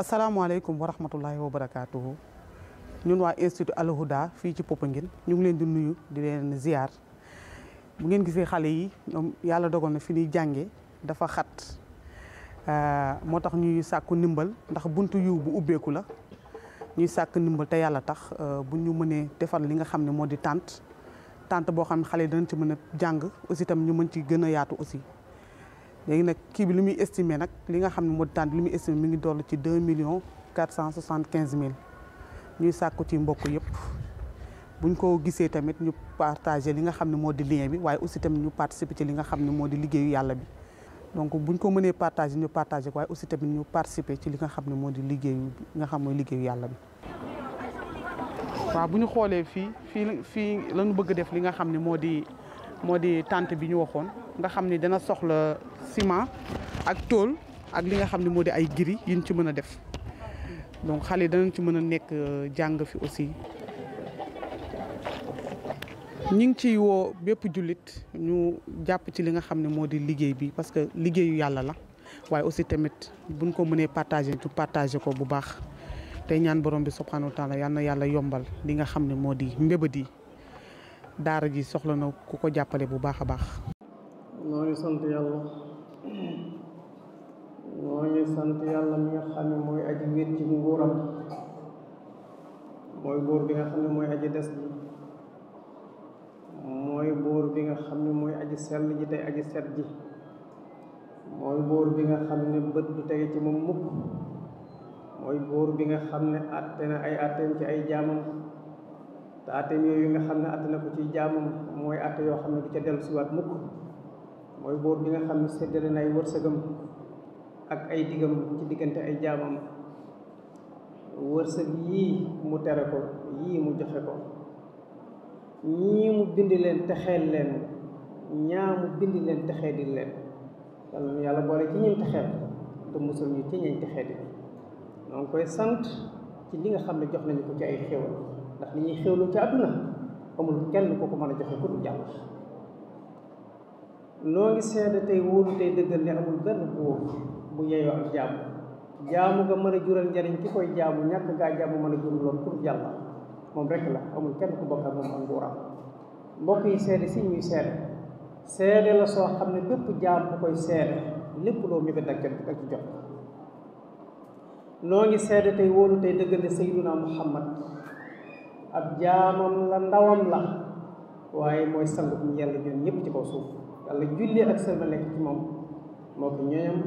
asalaamaaleykum wa rahmatullahi wa barakaatuhu ñun waa institut Al Houda fii ci Popenguine ñu ngi leen di nuyu di leen ziar bu ngeen gisee xale yi yàlla dogal na fi ñuy jànge dafa xat euh, moo tax ñuy sàkku ndimbal ndax buntu yiw bu ubbeeku la ñuy sàkk ndimbal te yàlla tax euh, bu ñu mënee defar li nga xam ne moo di tànt tànt boo xam ne xale yi danañ ci mën a jàng aussi tam ñu mën ci gën a yaatu aussi léegi nag kii bi li muy estimé nag li nga xam ne moo di tànn li muy estimé mi ngi dollu ci deux millions quatre cent soixante quinze mille ñuy sàkku ci mbokk yëpp buñ ko gisee tamit ñu partagé li nga xam ne moo di lien bi waaye aussi tamit ñu participer ci li nga xam ne moo di liggéeyu yàlla bi donc buñ ko mënee partagé ñu partagé ko waaye aussi tamit ñu participer ci li nga xam ne moo di liggéeyu nga xam mooy liggéeyu yàlla bi waaw bu ñu xoolee fii fii fii lañu bëgg def li nga xam ne moo di moo di tànt bi ñu waxoon nga xam ni dana soxla ciment ak tool ak li nga xam ne moo di ay giri yin ci mën a def donc xale yi danañ ci mën a nekk euh, jàng fi aussi ñi ngi ciy woo bépp jullit ñu jàpp ci li nga xam ne moo di liggéey bi parce que liggéeyu yàlla la waaye aussi tamit buñ ko mënee partagé ñu partagé ko bu baax te ñaan borom bi subhanahu wa taala yal na yàlla yombal li nga xam ne moo di mbébét yi daara ji soxla na ku ko jàppale bu baax a baax. noo sant yàlla noo sant yàlla mu nga xam ne mooy aji wéet ci nguuram mooy buur bi nga xam ne mooy aji des bi mooy buur bi nga xam ne mooy aji sell ji tey aji set ji mooy buur bi nga xam ne bët du tege ci moom mukk mooy buur bi nga xam ne àtte na ay àtteem ci ay jaamam. te yooyu nga xam ne atte na ko ci jaamam mooy atte yoo xam ne du ca dellu siwaat mukk mooy buur bi nga xam ne séddale na ay wërsëgam ak ay digam ci diggante ay jaamam wërsëg yii mu tere ko yii mu joxe ko ñii mu bind leen texeel leen ñaa mu bind leen texee di leen yàlla yàlla boole ci ñim texeel te musal ñu ci ñañ texee di ñoo koy sant ci li nga xam ne jox nañu ko ci ay xéwal ndax li ñuy xéwloo ci àdduna amul kenn ku ko mën a joxe ku dul yàlla noo ngi seede tey wóolu tey dëggal ne amul benn buur bu yeyoo ak jaamu nga mën a jural njariñ ki koy jaamu ñàkk ngaa jaamu mën a jural lool ku dul la amul kenn ku bokk moom ak nguuram mbokk yi seede si ñuy seede seede soo xam ne bépp jaam koy seede lépp loo mi ko dagg ak jot noo ngi seede tey wóolu tey dëggal muhammad ab jaamam la ndawam la waaye mooy sangu bu yàlla joon ñëpp ci kaw suuf yàlla jullee ak sëlmal nekk ci moom moo ko ñooñam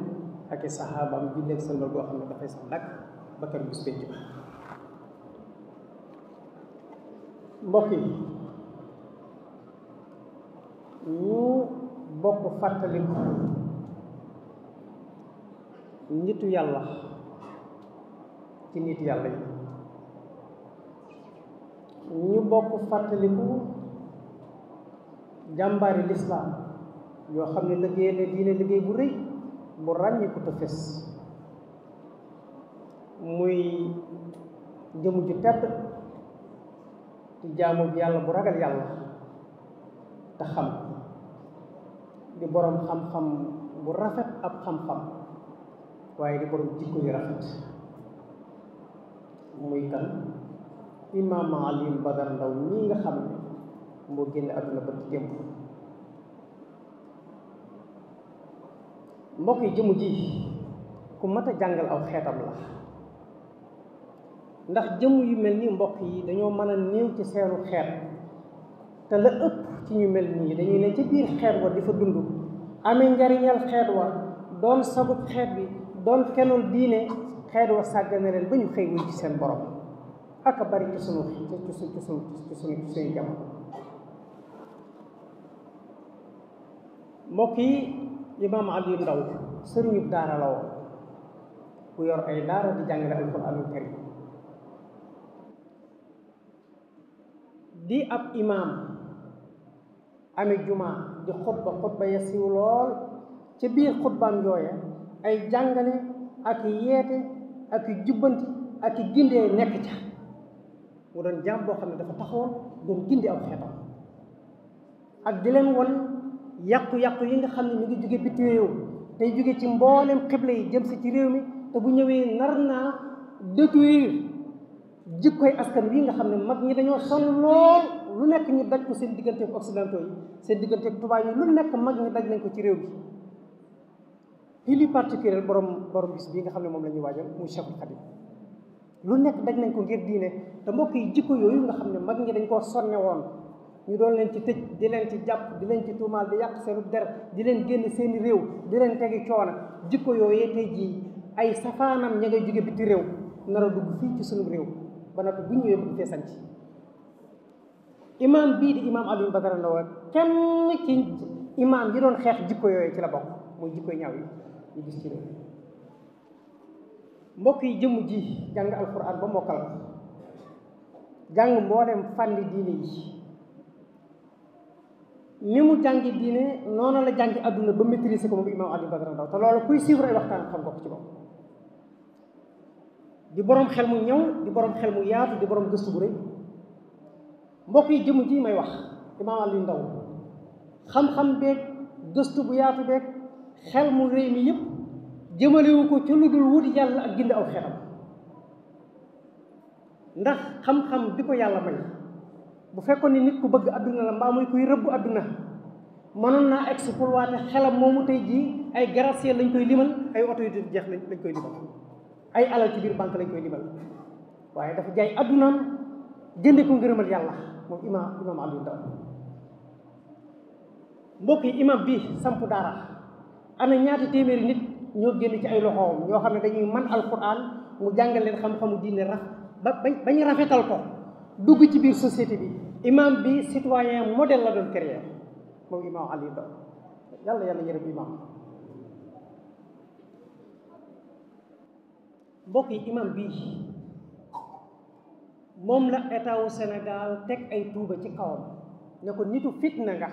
ak i saxaabaam jullee ak sëlmal boo xam ne dafay sax dakk ba kër bis mbokk yi ñu bokk fàttaliku nitu yàlla ci nit yàlla yi ñu bokk fàttaliku jàmbaari lislaam yoo xam ne liggéey ne diine liggéey bu rëy bu ràññiku te fes muy jëmu ju tedd di jaamu yàlla bu ragal yàlla te xam di boroom xam-xam bu rafet ab xam-xam waaye di boroom jikko yu rafet muy kan imaam Alioune Badara Ndao ñii nga xam ne mboo génne àdduna ba ci démb mbokk yi jëmm ji ku mat a jàngal aw xeetam la ndax jëmu yu mel ni mbokk yi dañoo mën a néew ci seenu xeet te la ëpp ci ñu mel nii dañuy ne ci biir xeet wa di fa dund amee njariñal xeet wa doon sagub xeet bi doon kenul diine xeet wa sàggane ba ñu xëy wuñ ci seen borom ak a bari ci sunu ci sunu ci sunu ci sunu ci mbokk yi imaam Aliou Ndaw sëriñu daara la woon bu yor ay daara di jàngale alxuraanul karim di ab imaam ame jumaa di xutba xutba ya siiw lool ci biir xutbaam yooya ay jàngale ak yeete ak jubbanti ak gindee nekk ca mu doon jaam boo xam ne dafa taxawoon doon gindi aw xeetam ak di leen won yàqu-yàqu yi nga xam ne ñu ngi jóge bitim réew tey jóge ci mboolem xeble yi jëm si ci réew mi te bu ñëwee nar naa détruire jikkoy askan wi nga xam ne mag ñi dañoo sonn lool lu nekk ñu daj ko seen digganteeg occidentaux yi seen digganteeg tubaab yi lu nekk mag ñi daj nañ ko ci réew bi fii li particulier borom borom bis bii nga xam ne moom la ñuy waajal muy Cheikhul Khadim lu nekk daj nañ ko ngir diine te mbokk yi jikko yooyu nga xam ne mag ñi dañ koo sonne woon ñu doon leen ci tëj di leen ci jàpp di leen ci tuumaal di yàq seenub der di leen génn seeni réew di leen tegi coono jikko yooyee tey jii ay safaanam ña ngay jóge biti réew nara a dugg fii ci suñu réew ba noppi bu ñëwee bëgg fee sanc imaam bii di imaam Alioune Badara Ndao kenn ci imaam yi doon xeex jikko yooyee ci la bokk muy jikko ñaaw yi ñu gis ci réew mbokk yi jëmm ji jàng alquran ba mokkal jàng mboolem fànni diine yi ni mu jàngi diine noonu la jàngi àdduna ba maîtriser ko moom imaam Aliou Badara Ndaw te loolu kuy suivre ay waxtaan xam ko ko ci bopp di borom xel mu ñëw di borom xel mu yaatu di borom gëstu bu rëy mbokk yi jëmm ji may wax imaam Aliou Ndaw xam-xam beeg gëstu bu yaatu beeg xel mu rëy mi yëpp jëmalewu ko ci lu dul wuti yàlla ak gindi aw xeram ndax xam-xam bi ko yàlla may bu fekkoon ni nit ku bëgg adduna la mbaa muy kuy rëbb adduna mënoon naa exploité xelam moomu tey jii ay gratte-ciel lañ koy limal ay oto yu dul lañ koy limal ay alal ci biir banque lañ koy limal waaye dafa jaay addunaam jënde ko ngërëmal yàlla moom imaam imaam Aliou Ndao mbokk yi imaam bi samp daara ana ñaati téeméeri nit ñoo génn ci ay loxoom ñoo xam ne dañuy man alquran mu jàngal leen xam-xamu diine raf ba bañ rafetal ko dugg ci biir société bi imam bi citoyen modèle la doon créer moom imam ali ba yàlla yàlla yërëm imam yi imam bii moom la état wu Sénégal teg ay tuuba ci kawam ne ko nitu fitna nga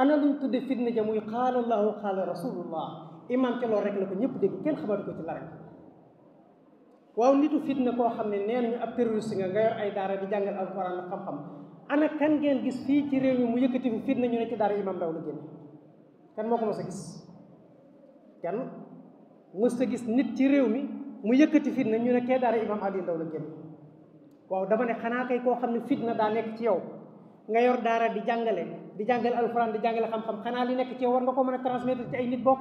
ana luñ tudde fitna ja muy xaalallahu xaala rasulullah imaam ca loolu rek la ko ñëpp dégg kenn xamatu ko ci la rek waaw nitu fitna koo xam ne nee nañu ab terroriste nga nga yor ay daara di jàngal alxuraan ak xam-xam ana kan ngeen gis fii ci réew mi mu yëkkati bu fitna ñu ne ci daara imaam ndaw la génn kan moo kenn mos nit ci réew mi mu yëkkati fitna ñu ne kee daara imaam ali ndaw la génn waaw ne xanaa koo xam ne fitna daa nekk ci yow nga yor daara di jàngale di jàngale alxuraan di jàngale xam-xam xanaa li nekk ci yow war nga ko mën a transmettre ci ay nit bokk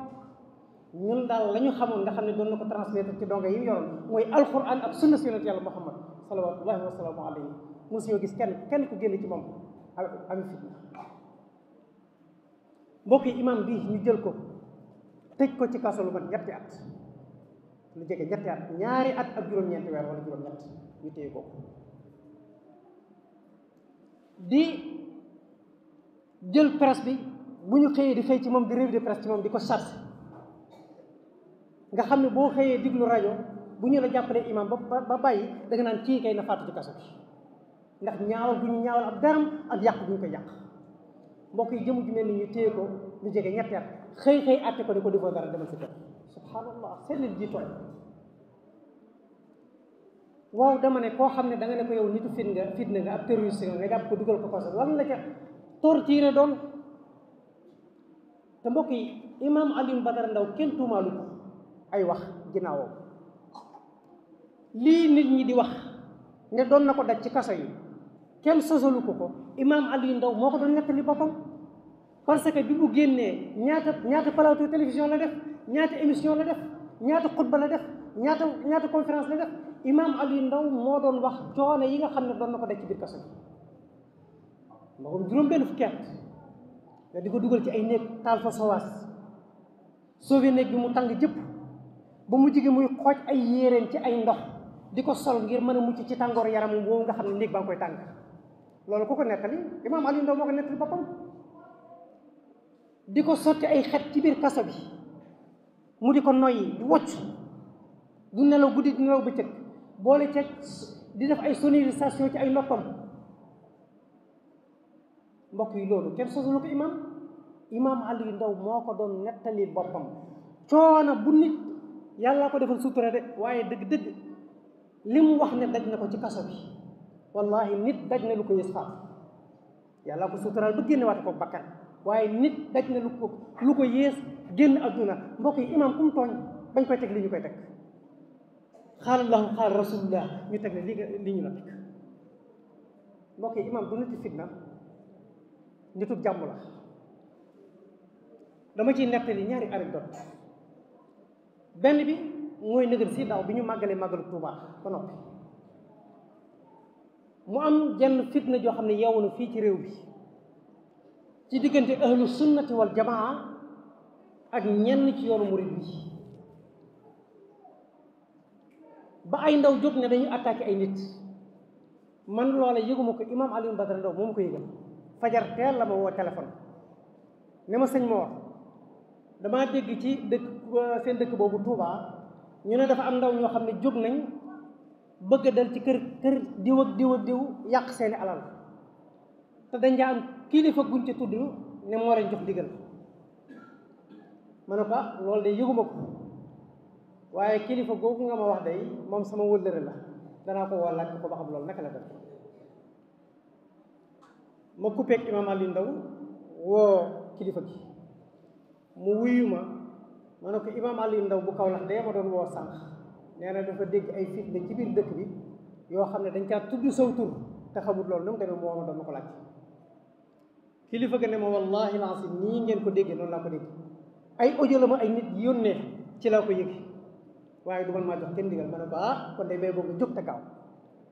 ñun daal la ñu xamoon nga xam ne doon na ko transmettre ci donga yi mu yoroon mooy alquran ak sunna si yonent yàlla muhammad salawatullahi wasalaamu alayhi mosuñoo gis kenn kenn ku génn ci moom ami fitna mbokk yi imam bi ñu jël ko tëj ko ci kaso lu mat ñetti at lu jege ñetti at ñaari at ak juróom-ñeenti weer wala juróom-ñett ñu téye ko di jël press bi bu ñu xëyee di xëy ci moom di revue de presse ci moom di ko chargé nga xam ne boo xëyee diglu rajo bu ñu la jàppalee imam ba ba bàyyi da nga naan kii kay na faatu ci kaso bi ndax ñaawal bu ñu ñaawal ab daram ak yàq bu ñu ko yàq mbokk yi jëmu ju mel ni ñu téye ko lu jege ñetti at xëy xëy ko di ko defoo dara demal si kër subhanallah dama ne koo xam ne da nga ne ko yow nitu na nga ab terroriste nga nga ko dugal ko kaso lan la ca torture doon te mbokk yi imam Alioune Badara Ndao kenn tuumaalu ko ay wax ginnaawam lii nit ñi di wax ne doon na ko daj ci kaso yi kenn sosalu ko ko imaam Aliou ndaw moo ko doon nettali boppam parce que bi mu génnee ñaata ñaata plateau télévision la def ñaata émission la def ñaata xutba la def ñaata ñaata conférence la def imaam Aliou ndaw moo doon wax coono yi nga xam ne doon na ko daj ci biir kaso bi moom juróom-benn fukki at nga di ko dugal ci ay néeg taal fa sowaas sauvé néeg bi mu tàng jëpp ba mu jigi muy xooj ay yéreem ci ay ndox di ko sol ngir mën a mucc ci tàngoor yaram boobu nga xam ne néeg ba nga koy tàng loolu ku ko nettali imaam Aliou Ndao moo ko nettali boppam di ko sotti ay xet ci biir kaso bi mu di ko noyyi di wocc du nelaw guddi du nelaw bëccëg boole ca di def ay sonorisation ci ay noppam mbokk yi loolu kenn sosalu ko imaam imaam Aliou moo ko doon nettali boppam coono bu nit yàllaa ko defal sutura de waaye dëgg-dëgg li mu wax ne daj na ko ci kaso bi wallahi nit daj na lu ko yées faatu yàllaa ko suturaal ba génne waat ko bakkan waaye nit daj na lu ko lu ko yées génn adduna mbokk yi imaam ku mu tooñ bañ koy teg li ñu koy teg xaala lahu xaala ñu teg ne li li ñu la teg mbokk yi imaam du nit fitna nitu jàmm la dama ciy nettali ñaari anecdote benn bi mooy nëgër si daaw bi ñu màggalee màggalu Tuubaa ba noppi mu am jenn fitna joo xam ne yeewu na fii ci réew bi ci diggante ahlu sunnati wal jamaa ak ñenn ci yoonu murid bi ba ay ndaw jóg ne dañu attaqué ay nit man loola yëguma ko imam Alioune Badara Ndao moom ko yëgal fajar teel la ma woo téléphone ne ma sëñ ma wax damaa dégg ci dëkk seen dëkk boobu Touba ñu ne dafa am ndaw ñoo xam ne jóg nañ bëgg a dal ci kër kër diw ak diw yàq seeni alal te dañ daa kilifa guñ ci tudd ne moo leen jox digal ma ne ko ah, loolu de ko waaye kilifa googu nga ma moom sama wëllëre la danaa ko woo laaj ko ba xam loolu naka la def ma coupeek imaam Aliou Ndaw woo kilifa gi mu wuyu ma ne ko imaam Aliou Ndaw bu kaw Kaolack dee ma doon woo sànq nee na dafa dégg ay fitna ci biir dëkk bi yoo xam ne dañ caa tudd saw tur te xamut loolu nu mu demee moo ma doon ma ko laaj kilifa ga ne ma wallahi laasim nii ngeen ko déggee noonu laa dégg ay audio la ay nit yónnee ci laa ko yëg waaye du maa jox kenn digal ma ne ko ah kon day bay boo nga jóg te gaaw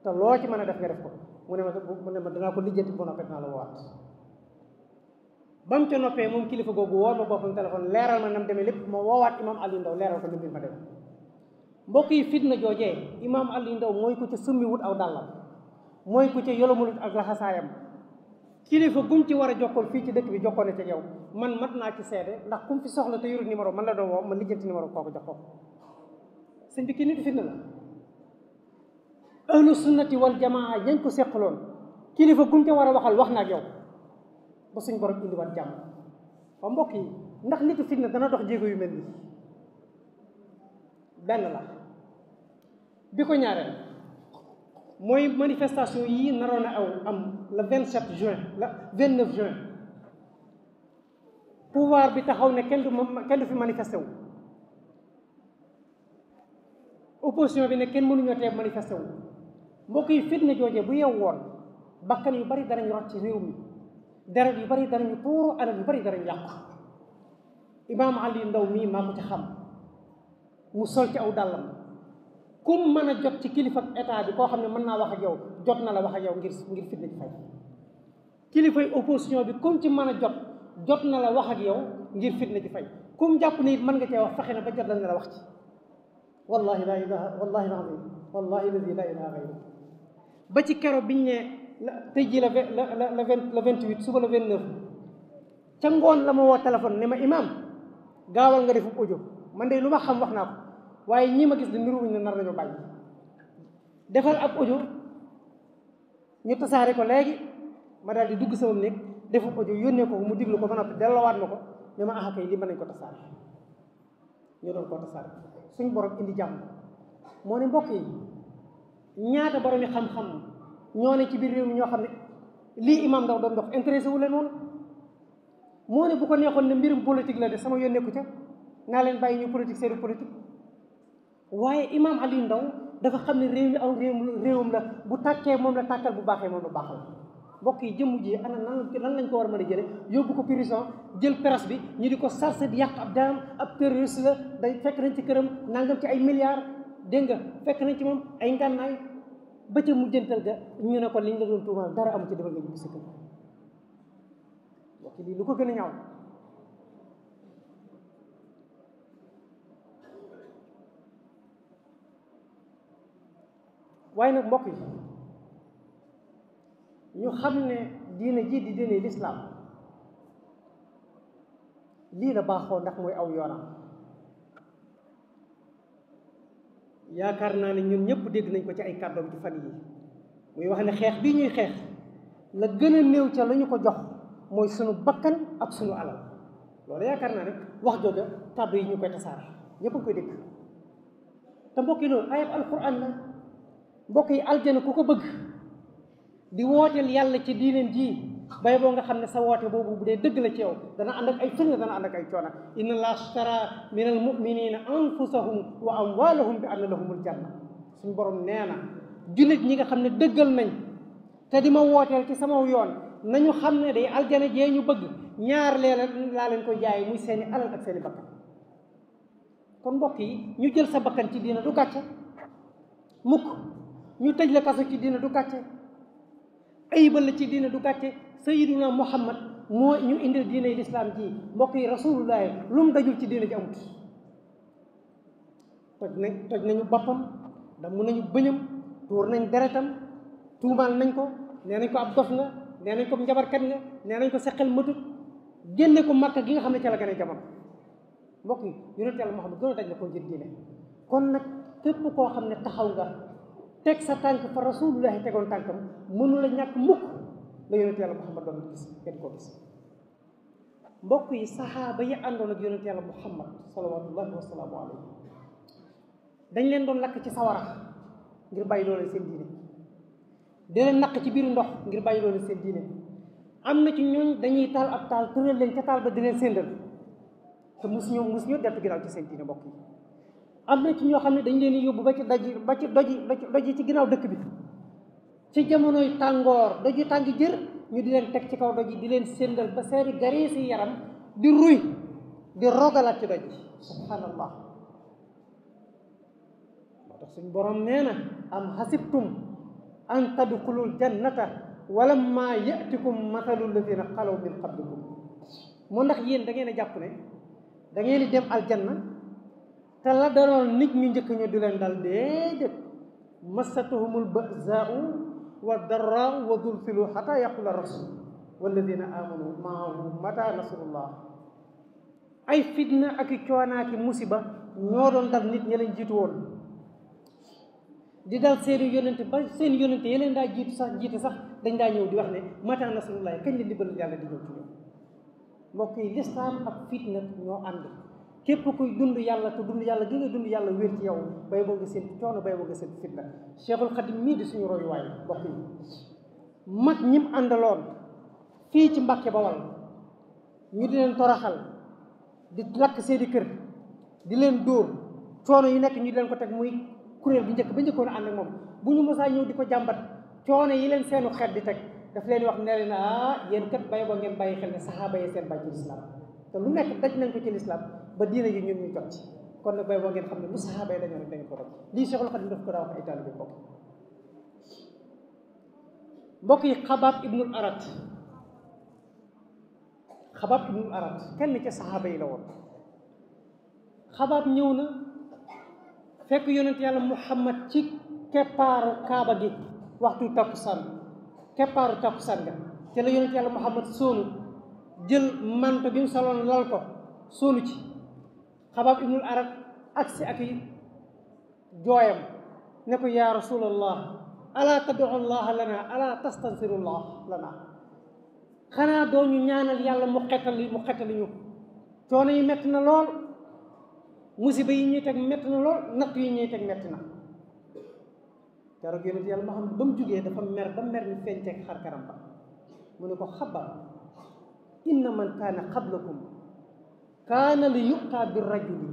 te loo ci mën a def nga def ko mu ne ma mu ne ma danaa ko lijjanti ba naa la woowaat ba mu ca noppee moom kilifa googu woo ma boppam téléphone leeral ma nam demee lépp ma woowaat imaam Aliou Ndao leeral ko ni mbir ma demee mbokk yi fitna joojee imaam Aliou ndaw mooy ko ca summi wut aw dàllam mooy ko ca yolomulut ak laxasaayam kilifa gum ci war a jokkoon fii ci dëkk bi jokkoon yow man mat naa ci seede ndax kum fi soxla te yorut numéro man la doon ma lijjanti numéro kooku jox ko sëñ bi kii nit fitna la ahlu sunnati wal jamaa yañ ko seqaloon kilifa gum ca war a waxal wax naa ak ba suñ borom indiwaat jàmm ba mbokk yi ndax nitu fitna dana dox jéego yu mel nii benn la bi ko ñaareel mooy manifestation yii naroon a aw am le vingt sept juin la vingt neuf juin pouvoir bi taxaw ne kenn du kenn du fi manifesté opposition bi ne kenn mënuñoo tee manifesté wu mbokk yi fitna joojee bu yew woon bakkan yu bari danañ rot ci réew mi deret yu bari danañu tuuru alal yu bari danañu yàqu imaam ali ndaw mii maa ko ci xam mu sol ci aw dàllam kum mën a jot ci kilifa état bi xam ne mën naa wax ak yow jot na la wax ak yow ngir ngir fitna ci fay kilifay opposition bi kum ci mën a jot jot na la wax ak yow ngir fitna ci fay kum jàpp ne it cee wax fexe na ba jot la ne wax ci wallahi laa ilaha wallahi laa wallahi ladi laa ilaha gayru ba ci kero biñ ne tey jii la la la la la vingt huit suba la vingt neuf ca ngoon la ma woo téléphone ne ma imaam gaawal nga defu audio man de lu ma xam wax naa waaye ñii ma gis ne niruwuñ ne nar nañoo bàyyi defal ab audio ñu tasaare ko léegi ma daal di dugg sama néeg defu audio yónnee mu diglu ko ba noppi delloowaat ma ko ne ma ah kay li mën ñu doon koo tasaare suñ indi jàmm moo ne mbokk yi ñaata borom yi xam-xam ñoo ne ci biir réew mi ñoo xam ne lii imam ndaw doon dox intéressé wu leen woon moo ne bu ko neexoon ne mbirum politique la de sama yoon nekku ca naa leen bàyyi ñu politique seenu politique waaye imam Aliou Ndao dafa xam ne réew mi aw réewam la bu tàkkee moom la tàkkal bu baaxee moom la baaxal mbokk yi jëmm ji ana nan nan lañ ko war a mën a jële yóbbu ko prison jël presse bi ñu di ko sarse di yàq ab daam ab terroriste la day fekk nañ ci këram nangam ci ay milliards dégg nga fekk nañ ci moom ay ngànnaay ba ca mujjantal ga ñu ne ko li la doon tuumaal dara am ci defal nga ñibbi sa kër wax lii lu ko gën a ñaaw waaye nag mbokk yi ñu xam ne diine ji di diine lislaam lii la baaxoo ndax mooy aw yoonam yaakaar naa ne ñun ñëpp dégg nañ ko ci ay kàddoom ci fan yi muy wax ne xeex bii ñuy xeex la gën a néew ca la ñu ko jox mooy sunu bakkan ak sunu alal loolu yaakaar naa ne wax jooja kàddu yi ñu koy tasaare ñëpp a koy dégg te mbokk yi loolu ayat alquran la mbokk yi aljana ku ko bëgg di wooteel yàlla ci diineen ji bay boo nga xam ne sa woote boobu bu dee dëgg la ci yow dana ànd ak ay firnde dana ànd ak ay coona inna allah ashtara min al muminina anfusahum wa amwalahum bi anna lahumul janna suñ borom nee na jullit ñi nga xam ne dëggal nañ te di ma wooteel ci sama yoon nañu xam ne day aljana jee ñu bëgg ñaar leen laa leen koy jaay muy seeni alal ak seeni bakkan kon mbokk yi ñu jël sa bakkan ci diina du gàcce mukk ñu tëj la kaso ci diina du gàcce ayibal la ci diina du gàcce sayiduna muhammad moo ñu indil diine lislaam jii mbokk yi rasulullahi lu mu dajul ci diine ji amut toj nañ nañu boppam damm nañu bëñam tuur nañ deretam tuumaal nañ ko nee nañ ko ab dof nga nee nañ ko njabarkat nga nee nañ ko seqal matut génne ko màkk gi nga xam ne ca la gën a jamono mbokk yi yonent yàlla muhammad gën ne daj la koo jël diine kon nag képp koo xam ne taxaw nga teg sa tànk fa rasulullahi tegoon tànkam mënu la ñàkk mukk la yonent yàlla muhammad doon gis kenn koo gis mbokk yi saxaaba yi àndoon ak yonent yàlla muhammad salawatullahi wasalaamu alayhi dañ leen doon lakk ci sawara ngir bàyyi looleen seen diine di naq ci biiru ndox ngir bàyyi looleen seen diine am na ci ñooñ dañuy taal ab taal tëral leen ca taal ba di leen séendal te musuñu musuñu deltu ginnaaw ci seen diine mbokk yi am na ci ñoo xam ne dañ leen yóbbu ba ci daj ba ci doji ba ci doji ci ginnaaw dëkk bi ci jamonoy tàngoor doju tàng jër ñu di leen teg ci kaw doj yi di leen séndal ba seeri gari si yaram di ruy di rogalaat ci doj subhaanallah moo tax suñ borom nee na am xasibtum an tadxulul jannata walamma yatikum matalu ladina xalaw min qablikum moo ndax yéen da ngeen jàpp ne da ngeen di dem aljanna te la daloon nit ñu njëkk ñu di leen dal déedéet massatuhumul bazaau wa darra wa zulzilu xata yaqula rasul walladina amanu maahu mata nasrullah ay fitna ak i coonaaki musiba ñoo doon dal nit ña leen jiitu woon di dal seeni yonente ba seen yonente yeleen daa jiitu sax jiite sax dañ daa ñëw di wax ne mata nasrullah kañ la ndimbal yàlla di ñëw ci ñoom yi lislaam ak fitna ñoo ànd képp kuy dund yàlla te dund yàlla gi nga dund yàlla wér ci yow bay boo nga seen coono bay boo nga seen fitna cheikhul xadim mii di suñu royuwaay bokk yi mag ñim àndaloon fii ci mbàkke bawal ñu di leen toraxal di lakk seeni kër di leen dóor coono yi nekk ñu di leen ko teg muy kuréel bi njëkk ba njëkkoon a ànd ak moom bu ñu mosaa ñëw di ko jàmbat coono yi leen seenu xeet di teg daf leen wax ne leen ah yéen kat bay boo ngeen bàyyi xel ne saxaaba yi seen bàyyi islam te lu nekk daj nañ ko ci lislaam ba diina ji ñun ñu jot ci kon nag bay boo ngeen xam ne lu saxaaba yi dañoo rek dañu ko rek lii Seexul Xadiim daf ko daa ko ay mbokk yi xabaab ibnul arat xabaab ibnul arat kenn ca saxaaba yi la woon xabaab ñëw na fekk yonent yàlla muhammad ci keppaaru kaaba gi waxtu takkusaan keppaaru takkusaan ga te la yonent yàlla muhammad sóonu jël manto bi mu soloon lal ko sóolu ci xabaab ibnul arab agsi ak yi jooyam ne ko yaa rasulallah ala tad'u llaha lana ala tastansiru llah lana xanaa doo ñu ñaanal yàlla mu xettali mu xettali ñu coono yi metti na lool musiba yi ñuy teg metti na lool natt yi ñuy teg metti na keroog yonent yàlla moo xam ba mu jógee dafa mer ba mer ni feeñ teg xar karam ba mu ne ko xabar inna man kaana qablakum kaana li yuqtaa bi rajuli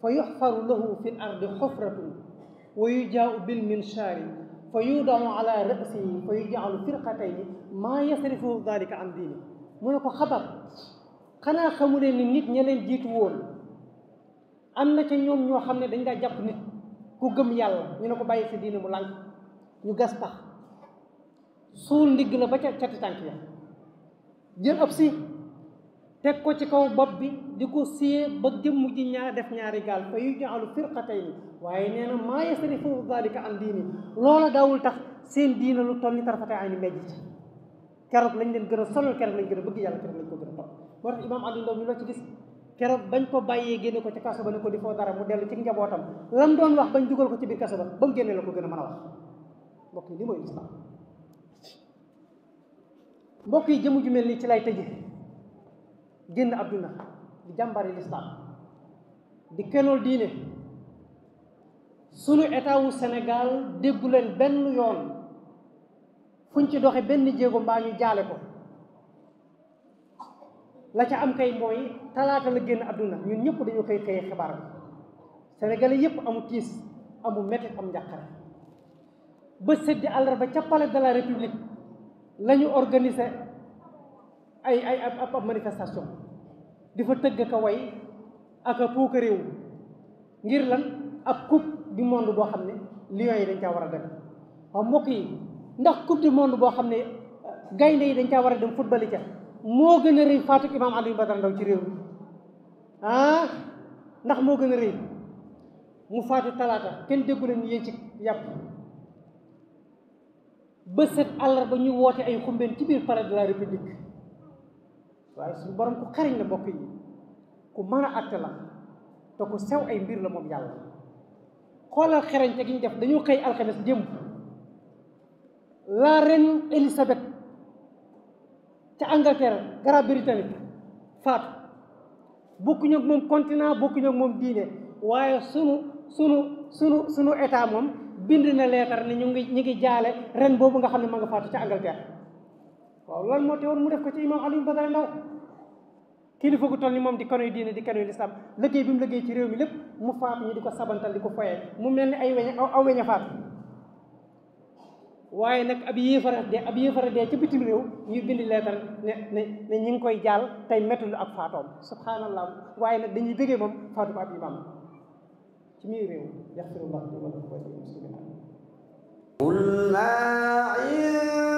fa yuxfaru lahu fi l ardi xufratun wa yujaau bil minshaari fa yudamu ala rasihi fa yujalu firqatayni maa yasrifu dalika an diini mu ne ko xabar xanaa xamuleen ni nit ña leen jiitu woon am na ca ñoom ñoo xam ne dañ daa jàpp nit ku gëm yàlla ñu ne ko bàyyi sa diine mu lànk ñu gas tax suul ndigg la ba ca cati tànk ya jël ab si teg ko ci kaw bopp bi di ko siyee ba jëmm ji ñaari def ñaari gaal fa yu jaalu firqatayni waaye nee na maa yasrifu ko am diini loola dawul tax seen diina lu toll ni tarfatay ayni mejj ci keroog lañ leen gën a sonal keroog lañ gën a bëgg yàlla keroog lañ ko gën a topp moo tax imaam Aliou Ndao ñu la ci gis keroog bañ ko bàyyee génne ko ci kaso ba ne ko di foo dara mu dellu ci njabootam lam doon wax bañ dugal ko ci bii kaso ba ba génne la ko gën a mën mbokk yi li mooy mbokk yi jëmu ju mel nii ci lay tëje génn àdduna di jàmbari lislaam di kenool diine sunu état wu Sénégal déggu leen benn yoon fuñ ci doxe benn jéego mbaa ñu jaale ko la ca am kay mooy talaata la génn àdduna ñun ñëpp dañu koy xëye xibaar bi sénégalais yëpp amu tiis amu métti am njàqare ba sëddi àllarba ca palais de la république la organise ay ay ab ab manifestation di fa tëgg ka way ak a puuka réew ngir lan ab coupe du monde boo xam ne lions yi dañ caa war a dem waaw mbokk yi ndax coupe du monde boo xam ne euh, gaynde yi dañ caa war a dem football yi ca moo gën a rëy faatuk imaam Aliou Badara Ndaw ci réew mi ah, ndax moo gën a rëy mu faatu talaata kenn déggu leen yéen ci yàpp ba set ba ñu woote ay xumbeen ci biir palais de la république waaye suñu borom ku xariñ la mbokk yi ku mën a àtte la te ku sew ay mbir la moom yàlla xoolal xerañte gi ñu def dañoo xëy alxemes démb la reine Elisabeth ca Angleterre garab britannique faatu bokkuñu ak moom continent bokkuñu ak moom diine waaye sunu sunu sunu sunu état moom bind na leetar ni ñu ngi ñu ngi jaale ren boobu nga xam ne ma nga faatu ca Angleterre waaw loolu moo teewoon mu def ko ci imam Alioune Badara Ndao kilifa gu toll ni moom di kanuy diine di kanuy sam liggéey bi mu liggéey ci réew mi lépp mu faatu di ko sabantal di ko foyee mu mel ni ay weñ aw weñ a faatu waaye nag ab yéefara dee ab yéefara dee ca bitim réew ñu bind leetar ne ne ne ñi ngi koy jaal tey mettulu ak faatoom subhanallah waaye nag dañuy bëggee moom faatu ci biir réew yaxfirullahu li wa lakum wa li muslimina